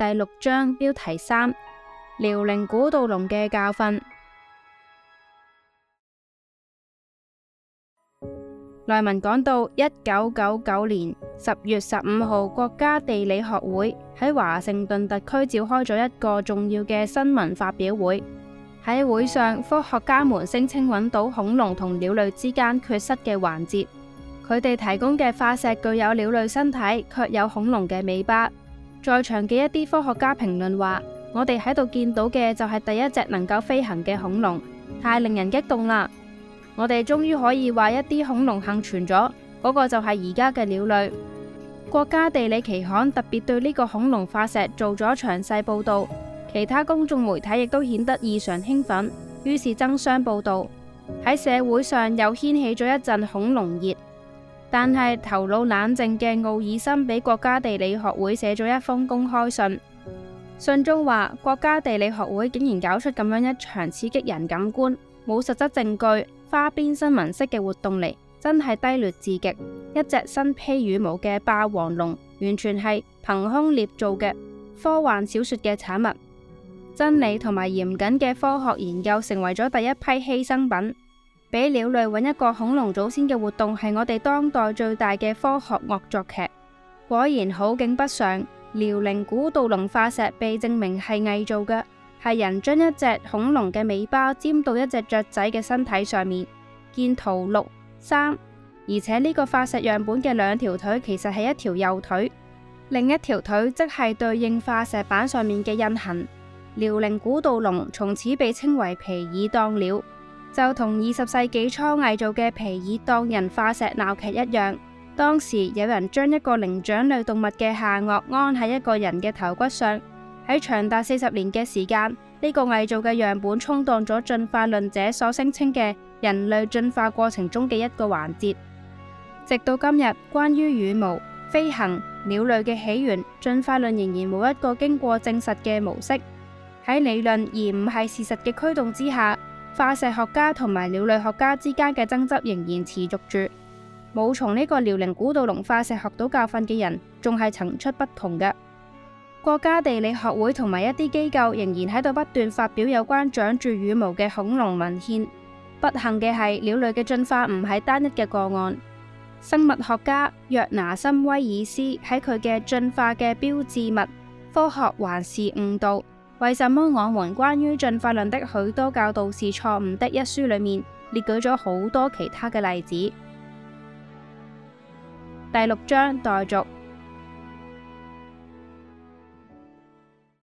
第六章標題三：遼寧古盜龍嘅教訓。內文講到，一九九九年十月十五號，國家地理學會喺華盛頓特區召開咗一個重要嘅新聞發表會。喺會上，科學家們聲稱揾到恐龍同鳥類之間缺失嘅環節。佢哋提供嘅化石具有鳥類身體，卻有恐龍嘅尾巴。在場嘅一啲科學家評論話，我哋喺度見到嘅就係第一隻能夠飛行嘅恐龍，太令人激動啦！我哋終於可以話一啲恐龍幸存咗，嗰個就係而家嘅鳥類。國家地理期刊特別對呢個恐龍化石做咗詳細報道，其他公眾媒體亦都顯得異常興奮，於是爭相報道，喺社會上又掀起咗一陣恐龍熱。但係頭腦冷靜嘅奧爾森俾國家地理學會寫咗一封公開信，信中話國家地理學會竟然搞出咁樣一場刺激人感官、冇實質證據、花邊新聞式嘅活動嚟，真係低劣至極。一隻身披羽毛嘅霸王龍，完全係憑空捏造嘅科幻小說嘅產物，真理同埋嚴謹嘅科學研究成為咗第一批犧牲品。俾鳥類搵一個恐龍祖先嘅活動係我哋當代最大嘅科學惡作劇。果然好景不長，遼寧古盜龍化石被證明係偽造嘅，係人將一隻恐龍嘅尾巴尖到一隻雀仔嘅身體上面。見圖六三，而且呢個化石樣本嘅兩條腿其實係一條右腿，另一條腿則係對應化石板上面嘅印痕。遼寧古盜龍從此被稱為皮爾當鳥。就同二十世紀初偽造嘅皮爾當人化石鬧劇一樣，當時有人將一個靈長類動物嘅下顎安喺一個人嘅頭骨上，喺長達四十年嘅時間，呢個偽造嘅樣本充當咗進化論者所聲稱嘅人類進化過程中嘅一個環節。直到今日，關於羽毛、飛行、鳥類嘅起源，進化論仍然冇一個經過證實嘅模式。喺理論而唔係事實嘅驅動之下。化石學家同埋鳥類學家之間嘅爭執仍然持續住，冇從呢個遼寧古盜龍化石學到教訓嘅人，仲係層出不窮嘅。國家地理學會同埋一啲機構仍然喺度不斷發表有關長住羽毛嘅恐龍文獻。不幸嘅係，鳥類嘅進化唔係單一嘅個案。生物學家約拿森·威爾斯喺佢嘅《進化嘅標誌物：科學還是誤導》。為什麼我們關於進化論的許多教導是錯誤的？一書裏面列舉咗好多其他嘅例子。第六章待續。